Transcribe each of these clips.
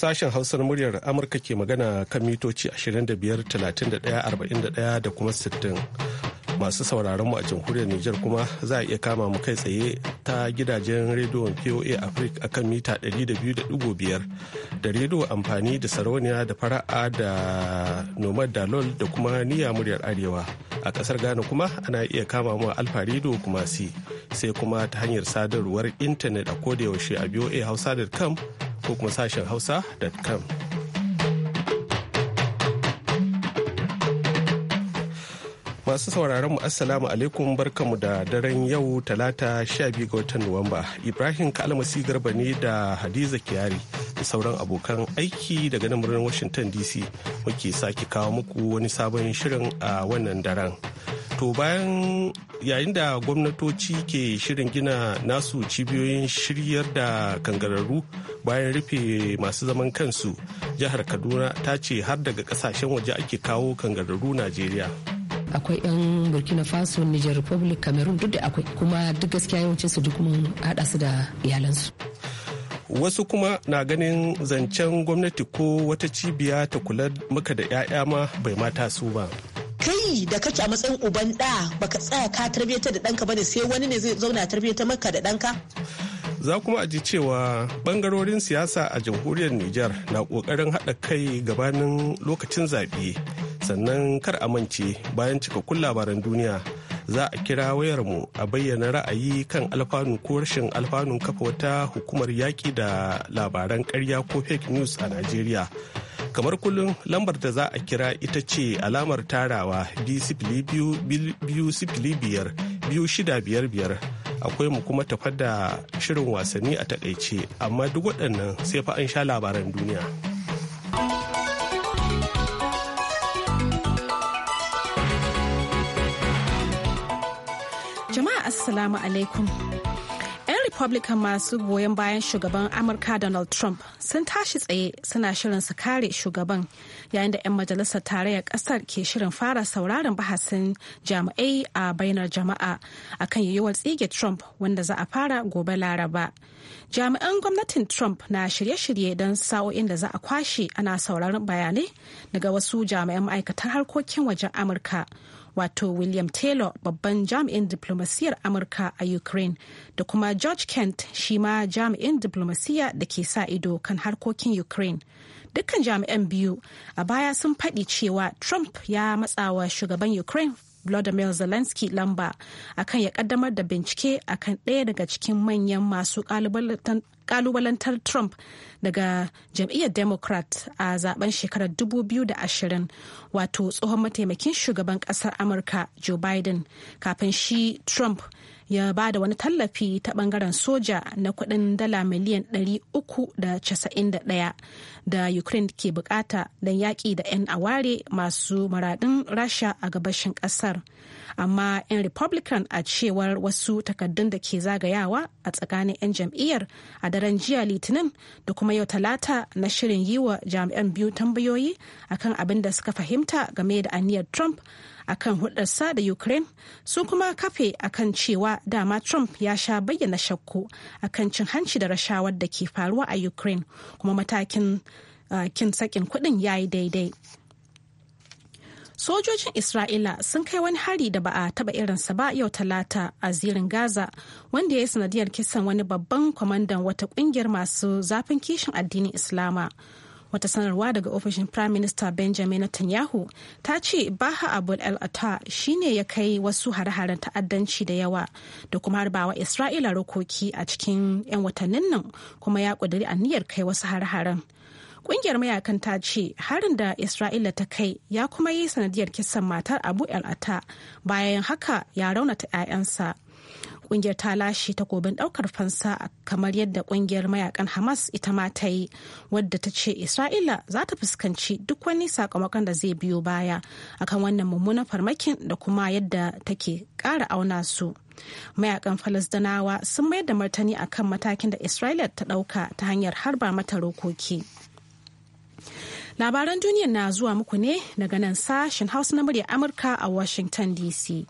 Sashen Hausar muryar Amurka ke magana kan mitoci 25,31,41 da kuma 60. Masu sauraron mu a jamhuriyar Nijar kuma za a iya kama mu kai tsaye ta gidajen rediyon POA Africa akan mita 200.5 da rediyo amfani da sarauniya da fara'a da nomad dalol da kuma niya muryar arewa. A kasar Ghana kuma ana iya kama mu alfa rediyo kuma sai kuma ta hanyar sadarwar intanet a kodayaushe a hausa.com ko kuma sashen hausa.com masu sauraron mu assalamu alaikum barkamu da daren yau talata 12 ga watan nuwamba ibrahim kalmasi garba ne da hadiza kiyari da sauran abokan aiki daga nan birnin washington dc muke sake kawo muku wani sabon shirin a wannan daren To bayan yayin da gwamnatoci ke shirin gina nasu cibiyoyin shiryar da kangararru bayan rufe masu zaman kansu, jihar Kaduna ta ce har daga kasashen waje ake kawo kangararru Najeriya. akwai yan burkina faso niger republic cameroon duk da akwai kuma duk gaskiya yawancin su duk mun hada su da iyalansu wasu kuma na ganin zancen gwamnati ko wata cibiya ta kula maka da 'ya'ya ma bai mata su ba kai da kake a matsayin uban da baka tsaya ka tarbiyyar da ɗanka bane sai wani ne zai zauna tarbiyyar maka da ɗanka za kuma a ji cewa bangarorin siyasa a jamhuriyar Nijar na kokarin haɗa kai gabanin lokacin zaɓe sannan kar a mance bayan cikakkun labaran duniya za a kira wayarmu a bayyana ra'ayi kan alfanu ko rashin alfanun kafa wata hukumar yaƙi da labaran ƙarya ko fake news a Najeriya. kamar kullum lambar da za a kira ita ce alamar tarawa biyar akwai mu kuma tafar da shirin wasanni a takaice amma duk waɗannan sai fa an sha labaran duniya jama'a assalamu alaikum republican masu goyon bayan shugaban amurka donald trump sun tashi tsaye suna shirin su kare shugaban yayin da 'yan majalisar tarayyar kasar ke shirin fara sauraron bahasin jami'ai a bainar jama'a a kan yiwuwar tsige trump wanda za a fara gobe laraba jami'an gwamnatin trump na shirye-shirye don sa'o'in da za a kwashe ana sauraron bayanai daga wasu jami'an ma'aikatan harkokin wajen amurka wato William Taylor babban jami'in diplomasiyar Amurka a Ukraine da kuma George Kent shi ma jami'in diplomasiya da ke sa ido kan harkokin Ukraine. Dukkan jami'an biyu a baya sun faɗi cewa Trump ya matsawa shugaban Ukraine Vladimir Zelensky lamba akan ya kaddamar da bincike akan ɗaya daga cikin manyan masu kalubalantar Trump daga jam'iyyar Democrat a zaben shekarar 2020 wato tsohon mataimakin shugaban kasar Amurka Joe Biden kafin shi Trump ya ba da wani tallafi ta bangaren soja na kudin dala miliyan 391 da ukraine ke bukata don yaƙi da 'yan aware masu maradin rasha a gabashin ƙasar amma 'yan republican a cewar wasu takaddun da ke zagayawa a tsakanin 'yan jam'iyyar a daren jiya litinin da kuma yau talata na shirin yi wa jami'an biyu tambayoyi akan abin da suka fahimta game da aniyar trump akan hudarsa da ukraine sun kuma kafe akan cewa dama trump ya sha bayyana shakku akan cin hanci da rashawar da ke faruwa a ukraine kuma matakin ah, kin sakin kudin ya yi daidai sojojin isra'ila sun kai wani hari da ba a taba irinsa ba yau talata a zirin gaza wanda ya yi sanadiyar kisan wani babban kwamandan wata kungiyar masu zafin kishin addinin islama wata sanarwa daga ofishin prime minister benjamin netanyahu ta ce baha abul al ata shine ya kai wasu hare-haren ta'addanci da yawa da kuma harbawa isra'ila rokoki a cikin 'yan watannin nan kuma ya ƙudiri aniyar kai wasu hare-haren kungiyar mayakan ta ce harin da isra'ila ta kai ya kuma yi sanadiyar kisan matar abu al ata bayan haka ya raunata 'ya'yansa kungiyar ta lashe takobin daukar fansa kamar yadda kungiyar mayakan hamas ita ma ta yi wadda ta ce isra'ila za ta fuskanci duk wani sakamakon da zai biyo baya akan wannan mummunan farmakin da kuma yadda take kara auna su mayakan falasdanawa sun mayar da martani akan matakin da isra'ila ta dauka ta hanyar harba mata rokoki labaran duniya na zuwa muku ne daga nan sashen hausa na murya amurka a washington dc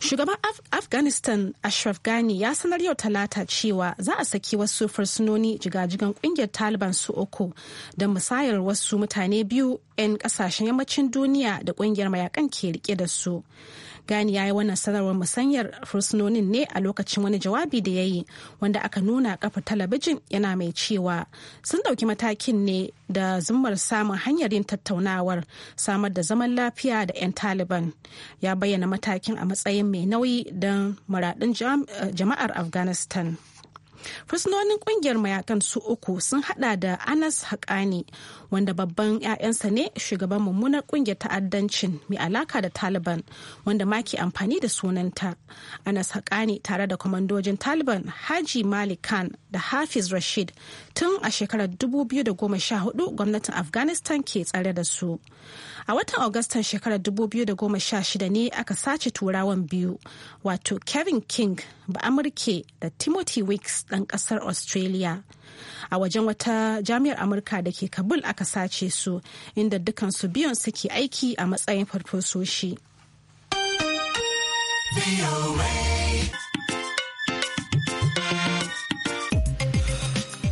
Shugaban Af Afghanistan Ashraf Ghani ya sanar yau talata cewa za a saki wasu fursunoni jigajigan kungiyar Taliban su uku da musayar wasu mutane biyu 'yan kasashen yammacin duniya da kungiyar mayakan ke rike da su. Gani ya yi wannan sanarwar musanyar fursunonin ne a lokacin wani jawabi da ya yi wanda aka nuna kafar talabijin yana mai cewa sun ɗauki matakin ne da zumar samun hanyar yin tattaunawar samar da zaman lafiya da 'yan Taliban. Ya bayyana matakin a matsayin mai nauyi don muradun eh, jama'ar Afghanistan. fursunonin kungiyar mayakan su uku sun hada da anas haƙani wanda babban 'ya'yansa ne shugaban mummunar kungiyar ta'addancin mai alaka da taliban wanda ma ke amfani da sunanta anas haƙani tare da kwamandojin taliban haji malik khan da hafiz rashid tun a shekarar 2014 gwamnatin afghanistan ke tsare da su a watan agustan shekarar 2016 ne aka sace turawan biyu wato kevin king ba amurke da timothy weeks dan kasar Australia. A wajen wata jami'ar Amurka da ke Kabul aka sace su inda dukansu biyun suke aiki a matsayin farfososhi.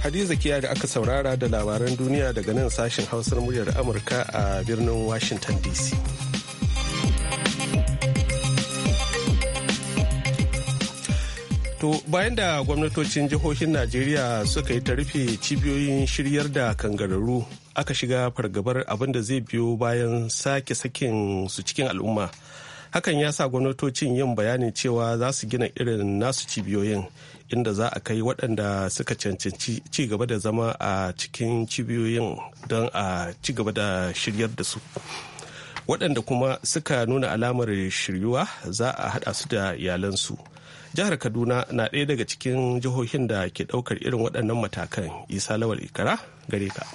Hadiza Kiya da aka saurara da labaran duniya daga nan sashen hausar muryar Amurka a birnin Washington DC. To bayan da gwamnatocin jihohin Najeriya suka yi ta rufe cibiyoyin shiryar da kangararru aka shiga fargabar abin da zai biyo bayan sake sakin su cikin al'umma. Hakan ya sa gwamnatocin yin bayanin cewa za su gina irin nasu cibiyoyin inda za a kai waɗanda suka cancanci ci gaba da zama a cikin cibiyoyin don a ci da shiryar da su. Waɗanda kuma suka nuna alamar shiryuwa za a haɗa su da iyalansu. jihar kaduna na ɗaya daga cikin jihohin da ke ɗaukar irin waɗannan matakan isa lawal ikara gare ka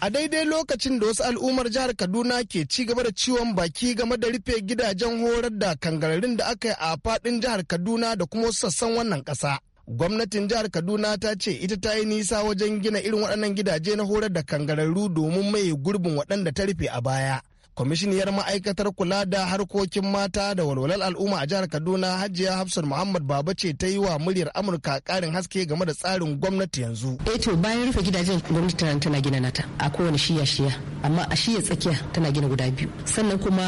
a daidai lokacin da wasu al'ummar jihar kaduna ke ci gaba da ciwon baki game da rufe gidajen horar da kangararin da aka yi a faɗin jihar kaduna da kuma wasu sassan wannan ƙasa gwamnatin jihar kaduna ta ce ita ta yi nisa wajen gina irin waɗannan gidaje na horar da kangararru domin maye gurbin waɗanda ta rufe a baya kwamishiniyar ma'aikatar kula da harkokin mata da walwalar al'umma a jihar kaduna hajiya hafsar muhammad baba ce ta yi wa muryar amurka karin haske game da tsarin gwamnati yanzu eh to bayan rufe gidajen gwamnati tana gina nata a kowane shiya shiya amma a shiya tsakiya tana gina guda biyu sannan kuma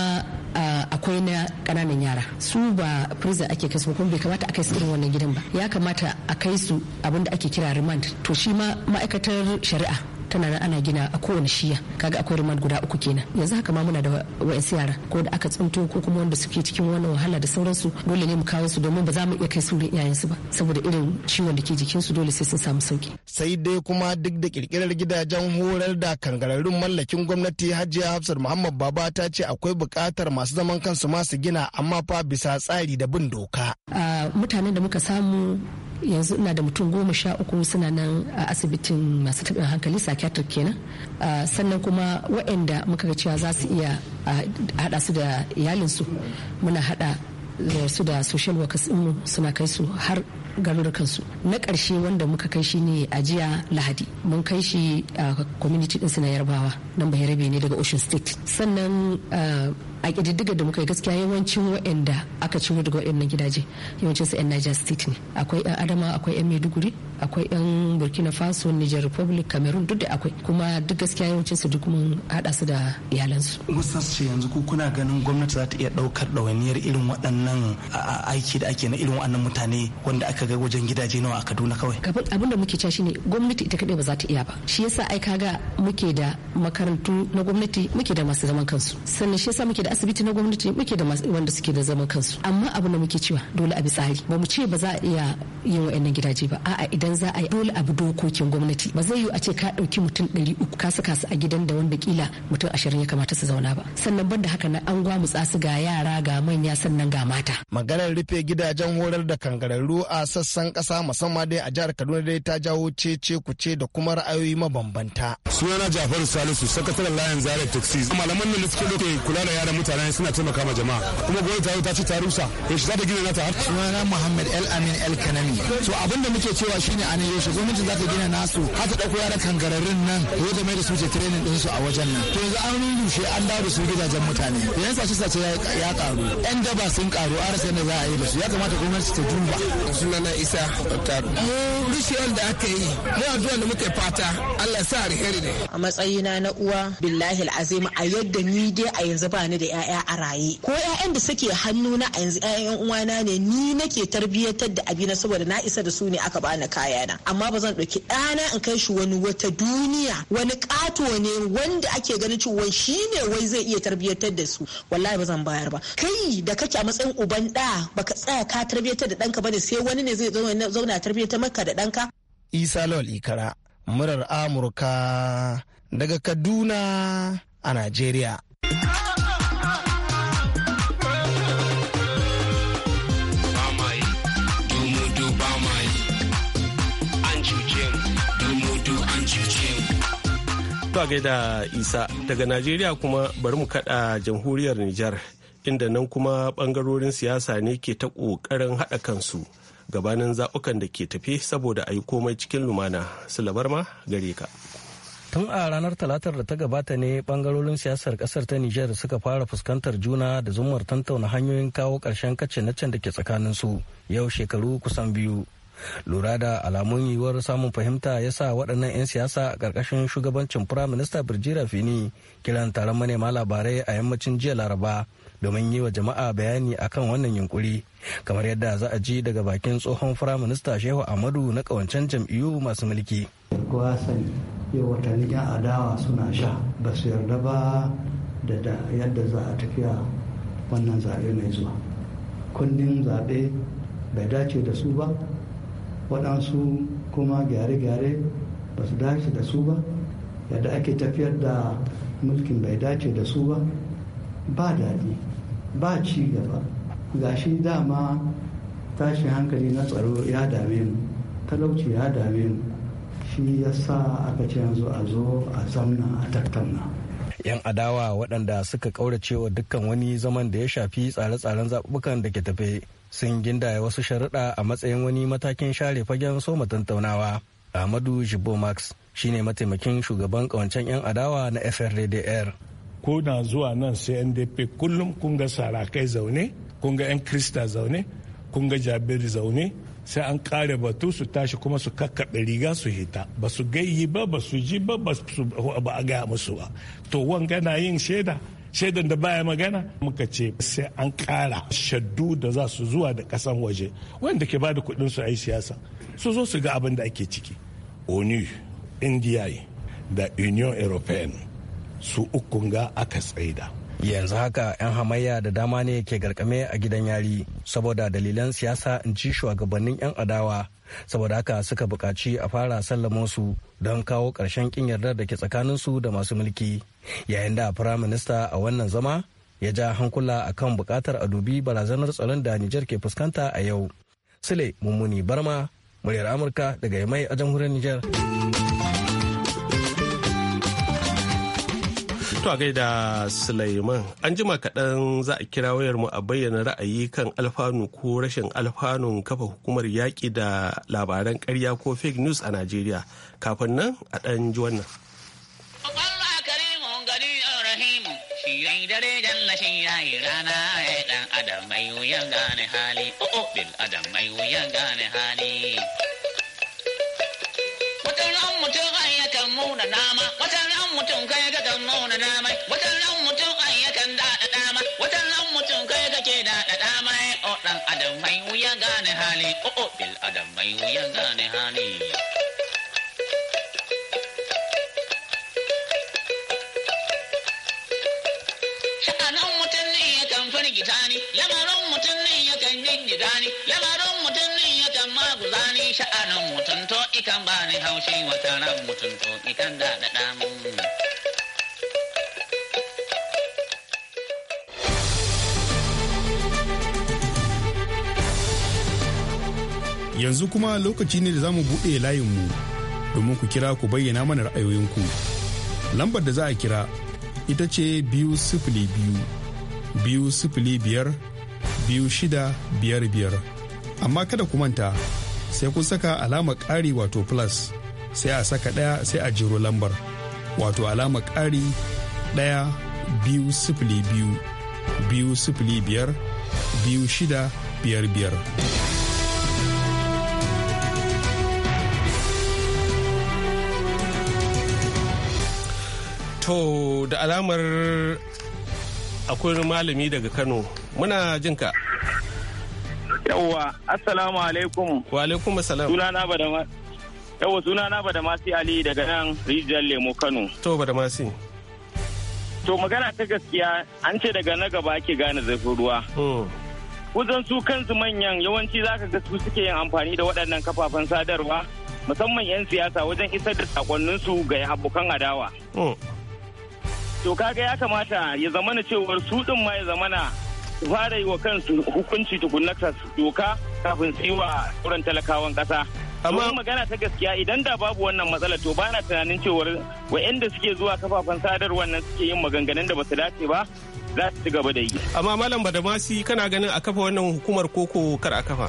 akwai na kananan yara su ba prison ake kai su kuma bai kamata a kai su irin wannan gidan ba ya kamata a kai su abinda ake kira remand to shi ma ma'aikatar shari'a tana nan ana gina a kowane shiya kaga akwai rumar guda uku kenan yanzu haka ma muna da wa'yansu yara ko da aka tsinto ko kuma wanda suke cikin wannan wahala da sauransu dole ne mu kawo su domin ba za mu iya kai su wurin iyayensu ba saboda irin ciwon da ke jikinsu dole sai sun samu sauki. sai dai kuma duk da kirkirar gidajen horar da kangararrun mallakin gwamnati hajiya hafsar muhammad baba ta ce akwai bukatar masu zaman kansu masu gina amma fa bisa tsari da bin doka. mutanen da muka samu yanzu ina da mutum goma sha uku suna nan a asibitin masu taɓin hankali psychiatric kenan sannan kuma waɗanda muka ga cewa za su iya haɗa su da iyalinsu muna haɗa su da social workers mu suna kai su har su na ƙarshe wanda muka kai shi ne a jiya lahadi mun kai shi a community ɗinsu na yarbawa nan bayarabe ne daga ocean state sannan a ƙididdiga da muka yi gaskiya yawancin waɗanda aka ciro daga waɗannan gidaje yawancin su 'yan Niger State ne akwai 'yan Adama akwai 'yan Maiduguri akwai 'yan Burkina Faso Niger Republic Cameroon duk da akwai kuma duk gaskiya yawancin su duk mun hada su da iyalansu. Musas ce yanzu ku kuna ganin gwamnati za ta iya daukar ɗawainiyar irin waɗannan aiki da ake na irin waɗannan mutane wanda aka ga wajen gidaje nawa a Kaduna kawai. Abin da muke cewa shine gwamnati ita kadai ba za ta iya ba shi yasa ai kaga muke da makarantu na gwamnati muke da masu zaman kansu sannan shi yasa muke da asibiti na gwamnati muke da wanda suke da zaman kansu amma abu da muke cewa dole a bi tsari ba mu ce ba za a iya yin wa'annan gidaje ba a'a idan za a yi dole a bi dokokin gwamnati ba zai yi a ce ka ɗauki mutum ɗari uku ka saka su a gidan da wanda kila mutum ashirin ya kamata su zauna ba sannan banda haka na an gwamu tsasu ga yara ga manya sannan ga mata. maganar rufe gidajen horar da kangararru a sassan kasa musamman dai a jihar kaduna dai ta jawo cece kuce da kuma ra'ayoyi mabambanta. sunana jafaru salisu sakataren layin zaria taxis malaman da suke kula da yaran mutanen suna taimaka ma jama'a kuma gwamnati tarayya ta ce ta rusa yaushe za ta gina nata har sunana Muhammad El Amin El kanani so abin da muke cewa shine a nan yaushe gwamnati za ta gina nasu har ta dauko yaran kangararin nan ko da mai da su je training din su a wajen nan to yanzu an rushe an dawo da su gidajen mutane yan sace sace ya karu yan daba sun karu a rasa ne za a yi da su ya kamata gwamnati ta duba sunana Isa Otaru mu rushewar da aka yi mu addu'a da muke fata Allah sa alheri ne a matsayina na uwa billahi alazim a yadda ni dai a yanzu ba ni da da 'ya'ya a raye ko 'ya'yan da suke hannu na a yanzu 'ya'yan uwana ne ni nake tarbiyyatar da abina saboda na isa da su ne aka bani na amma ba zan ɗauki ɗana in kai shi wani wata duniya wani ƙato ne wanda ake ganin cewa shi ne wai zai iya tarbiyyatar da su wallahi ba zan bayar ba kai da kake a matsayin uban ɗa baka tsaya ka tarbiyyatar da ɗanka bane sai wani ne zai zauna tarbiyyatar maka da ɗanka. isa lol ikara murar amurka daga kaduna a najeriya. zuwa a gaida Isa daga Najeriya kuma bari mu kada jamhuriyar Nijar inda nan kuma bangarorin siyasa ne ke ta kokarin haɗa kansu gabanin zaɓukan da ke tafe saboda a yi komai cikin lumana. Sulabar ma gare ka. tun a ranar talatar da ta gabata ne bangarorin siyasar kasar ta nijar suka fara fuskantar juna da zumar tantauna hanyoyin kawo ƙarshen kace na can da ke tsakanin su yau shekaru kusan biyu lura da alamun yiwuwar samun fahimta ya sa waɗannan 'yan siyasa a ƙarƙashin shugabancin firaminista birjira fini kiran taron manema labarai a yammacin jiya laraba domin yi wa jama'a bayani a kan wannan yunkuri kamar yadda za a ji daga bakin tsohon firaminista shehu amadu na ƙawancen jam'iyyu masu mulki kowa sani yau watanni yan adawa suna sha ba su yarda ba da yadda za a tafiya wannan zaɓe mai zuwa kundin zaɓe bai dace da su ba waɗansu kuma gyare-gyare ba su dace da su ba yadda ake tafiyar da mulkin bai dace da su ba ba daɗi ba ci gaba gashi dama tashin hankali na tsaro ya dame mu talauci ya dame mu shi sa aka ce yanzu a zo a zamna a tattauna 'yan adawa waɗanda suka ƙauracewa dukkan wani zaman da ya shafi tsare-tsaren zaɓuɓɓukan da ke tafe sun gindaya wasu sharuɗa a matsayin wani matakin share fagen soma tattaunawa ahmadu jibo max shine mataimakin shugaban ƙawancen 'yan adawa na FRDDR. ko na zuwa nan sai ndp kullum kun ga sarakai zaune kun ga 'yan krista zaune kun ga jabir zaune sai an kare batu su tashi kuma su kakkaɓe riga su hita ba su gayyi ba ba su ji ba ba a gaya musu ba to wanga na yin shaida shaidan da baya magana muka ce sai an kara shaddu da za su zuwa da kasan waje wanda ke bada kudin su a siyasa su zo su ga abin da ake ciki onu india da union european su ukun ga aka tsaida yanzu haka 'yan hamayya da dama ne ke garkame a gidan yari saboda dalilan siyasa in ci shugabannin 'yan adawa saboda haka suka bukaci a fara su don kawo ƙarshen ƙin yardar da ke tsakaninsu da masu mulki yayin da firayim minista a wannan zama ya ja hankula akan bukatar a dubi barazanar tsaron da nijar ke fuskanta a yau sile mummuni barma muryar amurka daga yamai a jamhuriyar nijar To gaida Sulaiman, an jima kaɗan za a kira wayar mu a bayyana ra'ayi kan alfanu ko rashin alfanun kafa hukumar yaƙi da labaran karya ko fake news a Najeriya. Kafin nan a ɗan ji wannan. dare janna shi yayi rana ya dan adam mai wuyan gane hali oh, oh, bil gane hali nuna nama wata ran mutum kai ga kan nuna nama wata ran mutum kai ya kan da dama wata ran mutum kai ga ke da dama eh, o oh, dan adam mai wuya gane hali o oh, o oh, bil adam mai wuya gane hali sha'anin mutum ne ya kan firgita ni lamarin mutum ne ya kan jingida ni lamarin guzani zani sha'anin mutunto ikan bani haushi wata ran mutunto ikan da da damu. Yanzu kuma lokaci ne da za mu buɗe layinmu domin ku kira ku bayyana mana ra'ayoyinku. Lambar da za a kira ita ce biyu sifili biyu biyu sifili biyar biyu shida biyar biyar amma kada ku manta sai kun saka alama ƙari wato plus sai a saka ɗaya sai a jiro lambar wato alama ƙari ɗaya biyu sifili biyu biyu sifili biyar biyu shida biyar biyar. To da alamar akwai malami daga Kano muna jinka. Yawwa, assalamu alaikum. Wa alaikum assalam. Sunana Badama. Yawwa, sunana Badamasi Ali daga nan Rijiyar Lemo Kano. To Badamasi. To magana ta gaskiya an ce daga na gaba ake gane zafin ruwa. Hmm. Kuzan su kansu manyan yawanci zaka ga su suke yin amfani da waɗannan kafafen sadarwa musamman 'yan siyasa wajen isar da sakonninsu ga abokan adawa. Hmm. To kaga ya kamata ya zamana cewar su ɗin ma ya zamana fara yi wa kansu hukunci tukunna doka kafin su yi wa sauran talakawan kasa. amma magana ta gaskiya idan da babu wannan matsala to bana tunanin cewar wa'anda suke zuwa kafafen sadarwar nan suke yin maganganun da ba su dace ba za su ci gaba da yi amma malam badamasi kana ganin a kafa wannan hukumar koko kar a kafa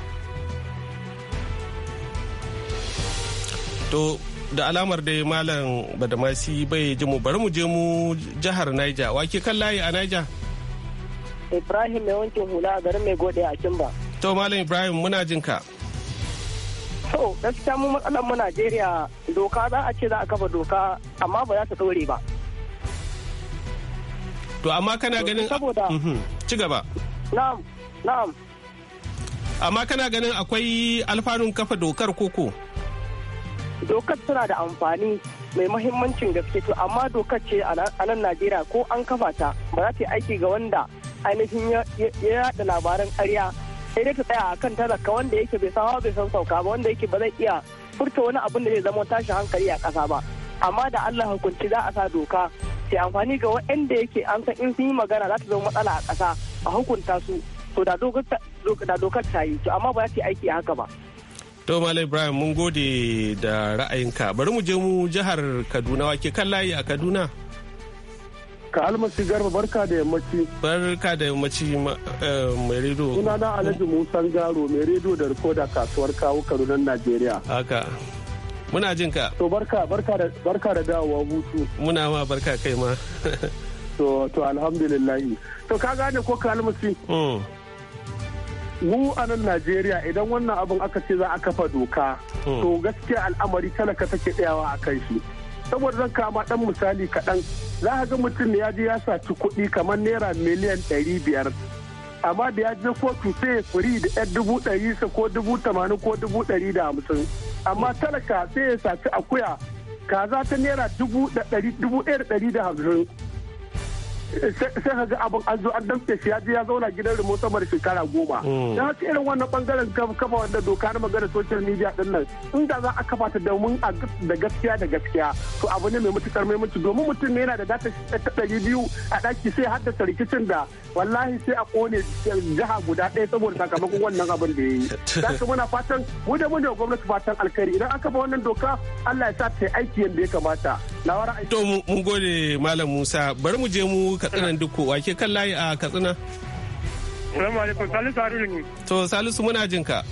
to da alamar dai malam badamasi bai ji mu bari mu je mu jihar niger wa ke kan layi a niger Ibrahim mai wankin hula a garin mai gode a Kimba. To Malam Ibrahim muna jin ka. To gaskiya mu matsalar mu Najeriya doka za a ce za a kafa doka amma ba za ta dore ba. To amma kana ganin saboda mhm. ci gaba. Na'am, na'am. Amma kana ganin akwai alfanun kafa dokar koko? Dokar tana da amfani mai mahimmancin gaske to amma dokar ce a nan Najeriya ko an kafa ta ba za ta yi aiki ga wanda ainihin ya yada labaran karya sai dai ta tsaya a kan talaka wanda yake bai san bai san sauka ba wanda yake ba zai iya furta wani abun da zai zama tashin hankali a ƙasa ba amma da Allah hukunci za a sa doka sai amfani ga waɗanda yake an san in sun yi magana za ta zama matsala a ƙasa a hukunta su to da dokar ta yi to amma ba za ta yi aiki haka ba. To Malam Ibrahim mun gode da ra'ayinka bari mu je mu jihar Kaduna wake kan layi a Kaduna. ka almasi garba barka da yammaci barka da yammaci eh, mai rediyo suna na alhaji musan garo mai rediyo da rikoda kasuwar kawo kanunan najeriya haka muna jin ka to barka barka da barka da dawowa hutu muna ma barka kai ma to to alhamdulillah to ka gane ko ka almasi hmm. mu a nan Najeriya idan wannan abin aka ce za a kafa doka hmm. to gaskiya al'amari talaka take tsayawa a kan shi saboda zan kama dan misali kaɗan za ka ga mutum ya je ya saci kuɗi kamar naira miliyan ɗari biyar amma da ya je kotu sai ya furi da yan dubu ɗari sa ko dubu tamanin ko dubu ɗari da hamsin amma talaka sai ya saci akuya kaza ta naira dubu ɗari da hamsin sai ka ga abin an zo an damke shi ya je ya zauna gidan rimo sama da shekara goma da mm. haka irin wannan bangaren kafa wanda doka na magana social media din nan in za a kafa ta domin da gaskiya da gaskiya to abu ne mai matukar muhimmanci domin mutum ne yana da data ta ɗari biyu a ɗaki sai haddasa rikicin da wallahi sai a kone jiha guda ɗaya saboda sakamakon wannan abin da ya yi da muna fatan mu da mu da gwamnati fatan alkhairi idan aka ba wannan doka Allah ya sa ta aiki yadda ya kamata na wara to mun gode malam Musa bari mu je mu katsina Katsinan Dukko wake kan layi a Katsina. Salamu alaikum Salisu Haruna ne. To Salisu muna jin ka.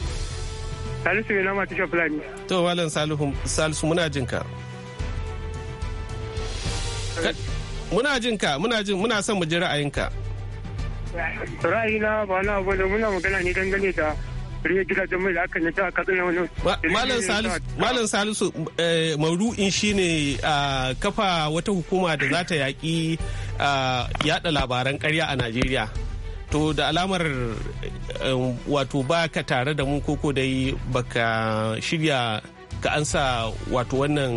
Salisu ne nama tisha Fulani. To Malam Salisu muna jin ka. Muna jin ka muna jin muna son mu ji ra'ayinka. Ra'ayina ba na abu da muna magana ne dangane da rihe gidajen mai da aka yi ta malam salisu eh, shine kafa wata hukuma da za ta yaƙi yada labaran karya a najeriya to da alamar eh, wato ba ka tare da mu koko dai baka shirya ka ansa wato wannan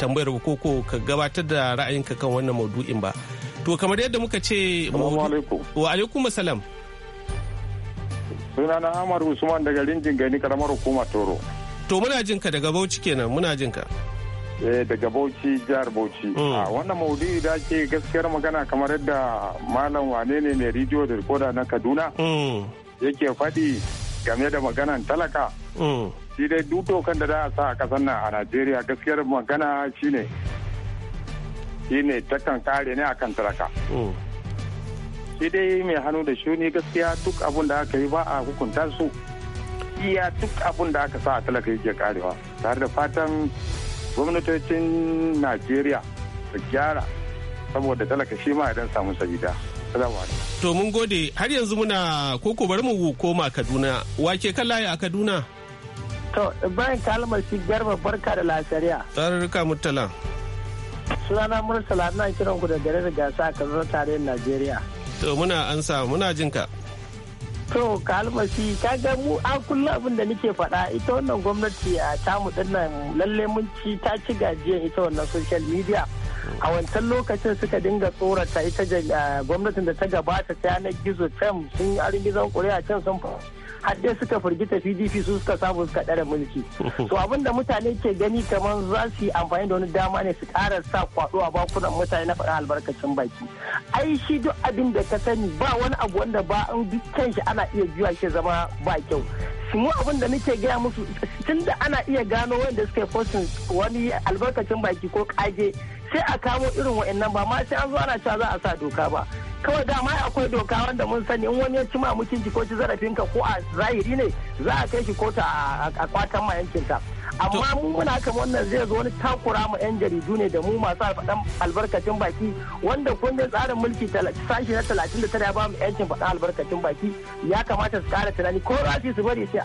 tambayar ba koko ka gabatar da ra'ayinka kan wannan maudu'in ba to kamar yadda muka ce wa alaikum salam sunana Ahmad Usman daga Rinjin Gani karamar hukumar Toro. To muna jin ka daga Bauchi kenan muna jin ka. Eh daga Bauchi jihar Bauchi. Mm. Ah, wannan maudu'i da ke gaskiyar magana kamar yadda malam wane ne mai rijiyo da rikoda na Kaduna. Mm. Yake faɗi game da maganan talaka. Mm. Shi dai duk dokan da za a sa a ƙasar nan a Najeriya gaskiyar magana shine. Shine takan kare ne akan talaka. sai dai mai hannu da shuni gaskiya duk abun da aka yi ba a hukunta su iya duk abun da aka sa a talaka yake karewa tare da fatan gwamnatocin najeriya su gyara saboda talaka shi ma idan samu sabida to mun gode har yanzu muna koko bari mu koma kaduna wake kan layi a kaduna to bayan kalmar shi garba barka da lasariya ka mutala sunana murtala ina kiran ku da garin gasa a kaduna tarayyar najeriya To muna ansa muna jin ka. To ka ga mu a kullum abin da nake faɗa ita wannan gwamnati a tamu dinnan nan lalle mun ci ta ci gajiyan ita wannan social media. a wancan lokacin suka dinga tsorata ita eh, gwamnatin da ta gabata ta yanar gizo can sun yi arin gizon kuri'a can sun har dai suka firgita pdp su suka samu suka ɗara mulki to abin da mutane ke gani kamar za su yi amfani da wani dama ne su ƙara sa kwaɗo a bakunan mutane na faɗa albarkacin baki ai shi duk abin da ka sani ba wani abu wanda ba an bi shi ana iya biya shi zama ba kyau mu abin da nake gaya musu tun da ana iya gano wanda suka yi wani albarkacin baki ko kage sai a kawo irin wa'annan ba ma sai an zo ana cewa za a sa doka ba kawai dama akwai doka wanda mun sani in wani ya ci ma mutunci ko ci ka ko a zahiri ne za a kai shi kota a kwatan ma ta amma mu muna kan wannan zai zo wani takura mu yan jaridu ne da mu masu faɗan albarkacin baki wanda kundin tsarin mulki sashi na talatin da tara ba mu yancin faɗan albarkacin baki ya kamata su ƙara tunani ko rafi su bari sai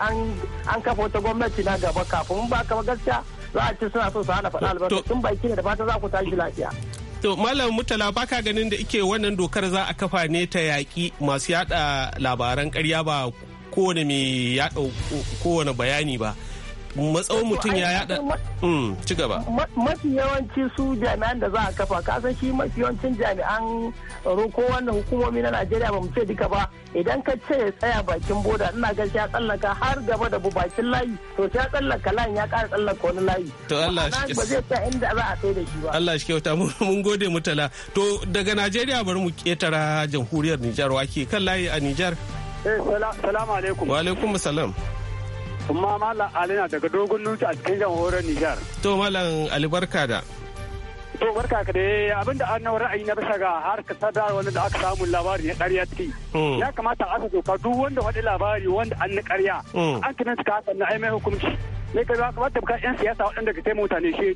an kafa wata gwamnati na gaba kafin ba ka gaskiya za a ce suna so su hana faɗa albarkacin baki ne da fata za ku tashi lafiya. To Malam Murtala baka ganin da ike wannan dokar za a kafa ne ta yaƙi masu yada labaran ƙarya ba kowane mai yada kowane bayani ba. matsawon mutum ya yada mm, ci gaba mafi yawanci su jami'an da za a kafa kasan shi mafi yawancin jami'an roko ko hukumomi na najeriya ba mu ce duka ba idan ka ce ya tsaya bakin boda ina ga ya tsallaka har gaba da bakin layi to ya tsallaka layin ya kara tsallaka wani layi to Allah shi ba zai tsaya inda za a tsaye da shi ba Allah shi kyauta mun gode mutala to daga najeriya bari mu ketara jamhuriyar Nijar wake kan layi a Nijar. Eh, salamu alaikum. Wa alaikum salam. kuma malam alina daga dogon nuti a cikin jamhuriyar nijar to malam albarka da to barka ka dai abinda an ra'ayi na bisa ga ka sadar wanda da aka samu labari ya ƙarya ti hmm. ya kamata aka doka duk wanda wani labari wanda an na ƙarya hmm. an kinin suka haka na aimai hukunci ne ka ba kamata buka yan siyasa waɗanda ka taimu mutane shi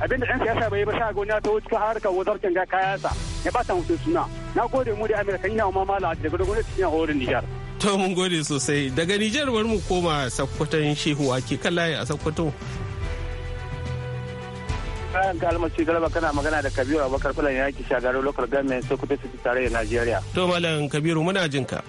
abinda yan siyasa bai ba sa gona ta wuce harkar wazarcin ga kayansa ya ba ta mutum suna na gode mu da amurka ina ma mala daga dogon nuti a horin nijar. To mun gode sosai daga Nijar bari mu koma sakkwatan shehu ake kan layi a sakkwato. bayan ka almasi galaba kana magana da Kabiru Abubakar Fulani ya shagaru shagarar local government Sokoto su tare da Najeriya. To Malam Kabiru muna jin ka.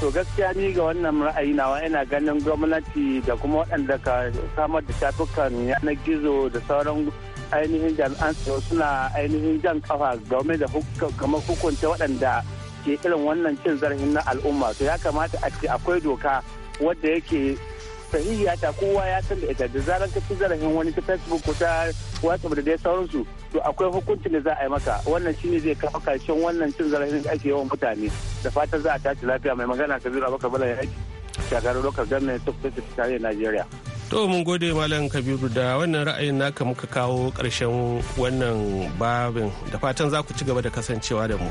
To gaskiya ni ga wannan ra'ayi nawa yana ganin gwamnati da kuma waɗanda ka samar da shafukan yanar gizo da sauran ainihin jami'an tsaro suna ainihin jan kafa game da kamar hukunta waɗanda ke irin wannan cin zarafin na al'umma to ya kamata a ce akwai doka wadda yake sahihiya ta kowa ya san da ita da zarar ka ci zarafin wani ta facebook ko ta whatsapp da dai sauransu to akwai hukuncin da za a yi maka wannan shine zai kawo karshen wannan cin zarafin da ake yawan mutane da fatan za a tashi lafiya mai magana ka zira baka bala ya aiki shagarar lokar gwamnati ta tare najeriya To mun gode Malam Kabiru da wannan ra'ayin naka muka kawo ƙarshen wannan babin da fatan za ku ci gaba da kasancewa da mu.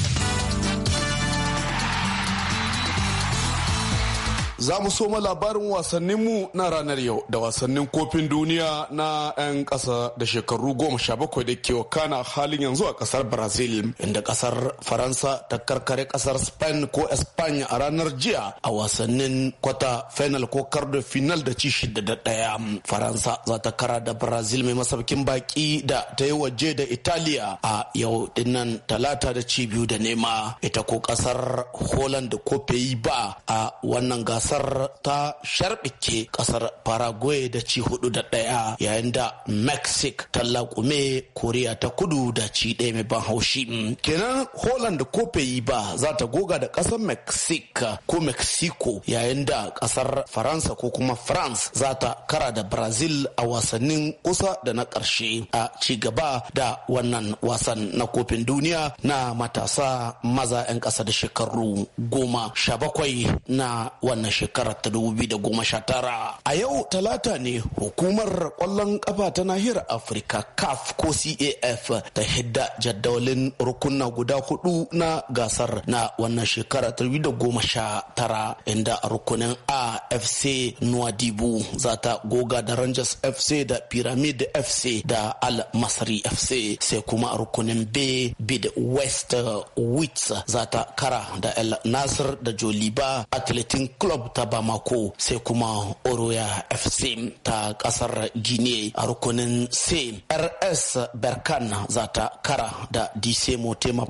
Za mu soma labarin wasanninmu na ranar yau da wasannin kofin duniya na 'yan ƙasa da shekaru goma sha bakwai da ke wakana halin yanzu a ƙasar Brazil inda ƙasar Faransa ta karkare ƙasar Spain ko Espanya a ranar jiya a wasannin kwata final ko kardo final da ci shida da ɗaya. Faransa za ta kara da Brazil mai masaukin baki da ta yi waje da Italiya a yau dinnan talata da ci biyu da nema ita ko ƙasar Holland ko ba a wannan gasar kasar ta sharbike kasar paraguay da ci hudu da daya yayin da mexico ta lakume koriya ta kudu da ci daya mai ban haushi mm, kenan holland da kofe ba za ta goga da kasar mexico ko mexico yayin da kasar faransa ko kuma france za ta kara da brazil a wasannin kusa da na ƙarshe a ci gaba da wannan wasan na kofin duniya na matasa maza 'yan ƙasa da shekaru goma sha bakwai na wannan shekara ta 2019 a yau talata ne hukumar kwallon kafa ta nahiyar afirka caf ko caf ta hidda jadawalin rukunna guda hudu na gasar na wannan shekara ta 2019 inda rukunin a fc nuwadibu za ta goga da rangers fc da pyramid fc da al masri fc sai kuma rukunin b bid west wits za ta kara da el nasir da joliba athletic club ta bamako sai kuma oroya fc ta kasar guinea a rukunin c rs berkan za ta kara da dc motema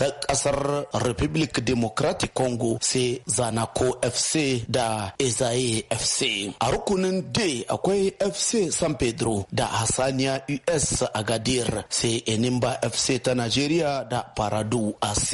ta kasar republic democratic congo sai zanako fc da ezaye fc a rukunin d akwai fc san pedro da hasaniya us agadir sai enimba fc ta nigeria da paradu ac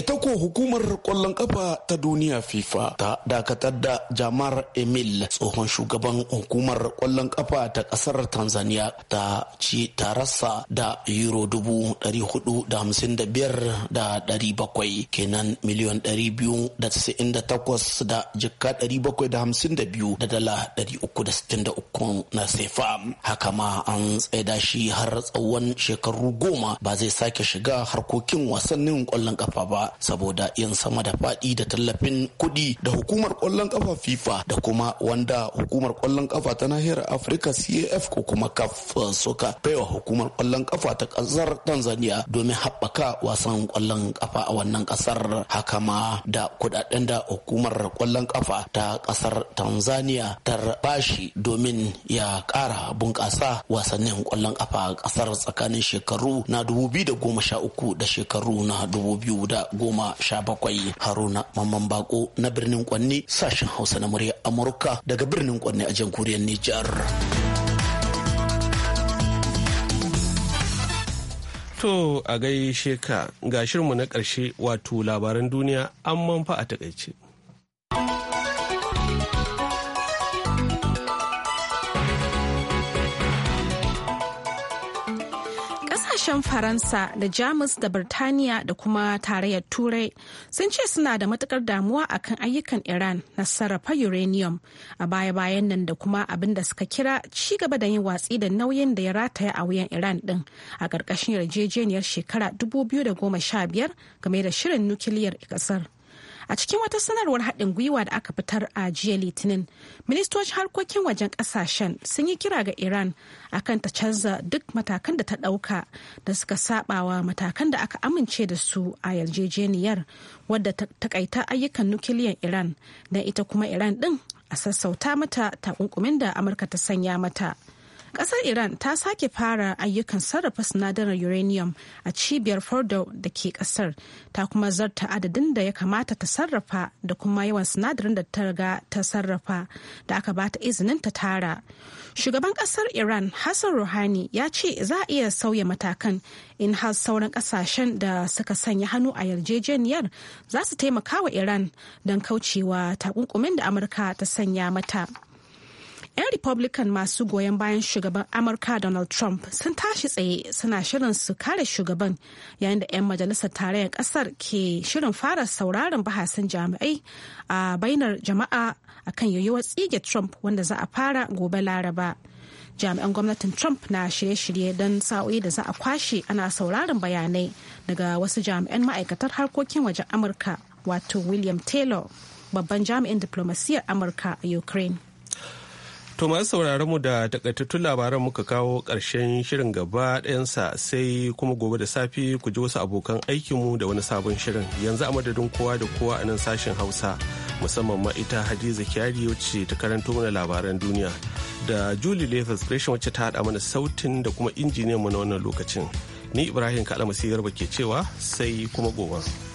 ita ko hukumar kwallon kafa ta duniya fifa ta dakatar da jamar emil tsohon shugaban hukumar kwallon kafa ta kasar tanzania ta ci tararsa da euro dubu dari hudu da hamsin da biyar da dari bakwai kenan miliyon dari biyu da tasa'in da takwas da jika dari bakwai da hamsin da biyu da dala dari uku da sitin da uku na sefa haka ma an tsaida shi har tsawon shekaru goma ba zai sake shiga harkokin wasannin kwallon kafa ba saboda yin sama da faɗi da tallafin kuɗi da hukumar kwallon kwallon kafa FIFA da kuma wanda hukumar kwallon kafa ta nahiyar Afirka CAF ko kuma CAF soka baiwa hukumar kwallon kafa ta kasar Tanzania domin haɓaka wasan kwallon kafa a wannan kasar haka ma da kudaden da hukumar kwallon kafa ta kasar Tanzania ta bashi domin ya ƙara bunƙasa wasannin kwallon kafa kasar tsakanin shekaru na 2013 da shekaru na 2017 Haruna Mamman Bako na birnin Kwanni sashi sashen Hausa na murya Amurka daga birnin Kwanne a jamhuriyar Nijar. To a gaishe ka ga shirinmu na ƙarshe wato labaran duniya an manfa a takaice. Ƙasashen Faransa da Jamus da Birtaniya da kuma tarayyar Turai sun ce suna da matukar damuwa akan ayyukan Iran na sarrafa uranium a baya-bayan nan da kuma abin da suka kira ci gaba da yin watsi da nauyin da ya rataya a wuyan Iran din a karkashin yarjejeniyar shekara 2015 game da shirin nukiliyar kasar. A cikin wata sanarwar haɗin gwiwa da aka fitar a jiya Litinin, ministocin harkokin wajen ƙasashen sun yi kira ga Iran akan ta canza duk matakan da ta ɗauka da suka sabawa matakan da aka amince da su a yarjejeniyar wadda takaita ayyukan nukiliyan Iran da ita kuma Iran ɗin a sassauta mata takunkumin da Amurka ta sanya mata. Ƙasar Iran ta sake fara ayyukan sarrafa sinadarin uranium a cibiyar Fordo da ke ƙasar, ta kuma zarta adadin da ya kamata ta sarrafa da kuma yawan sinadarin da ta riga ta sarrafa da aka ba ta izinin ta tara. Shugaban ƙasar Iran Hassan Rouhani ya ce za a iya sauya matakan in har sauran ƙasashen da suka sanya hannu a yarjejeniyar za su taimaka wa Iran don kaucewa takunkumin da Amurka ta sanya mata. 'yan republican masu goyon bayan shugaban amurka donald trump sun tashi tsaye suna shirin su kare shugaban yayin da 'yan majalisar tarayyar kasar ke shirin fara sauraron bahasin jami'ai a bainar jama'a kan yayyuwar tsige trump wanda za a fara gobe laraba jami'an gwamnatin trump na shirye-shirye don sa'o'i da za a kwashe ana sauraron bayanai daga wasu jami'an ma'aikatar harkokin wajen amurka wato william taylor babban jami'in diplomasiyyar amurka a ukraine To masu sauraron mu da takaitattun labaran muka kawo ƙarshen shirin gaba ɗayansa sai kuma gobe da safe ku ji wasu abokan aikinmu da wani sabon shirin yanzu a madadin kowa da kowa a nan sashen Hausa musamman ma ita Hadiza Kyari wacce ta karanto mana labaran duniya da Julie Lathas Gresham wacce ta haɗa mana sautin da kuma injiniyan mu na wannan lokacin. Ni Ibrahim Kalamasi Garba ke cewa sai kuma gobe.